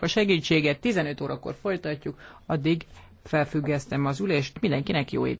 a segítséget. 15 órakor folytatjuk, addig felfüggesztem az ülést. Mindenkinek jó éjt!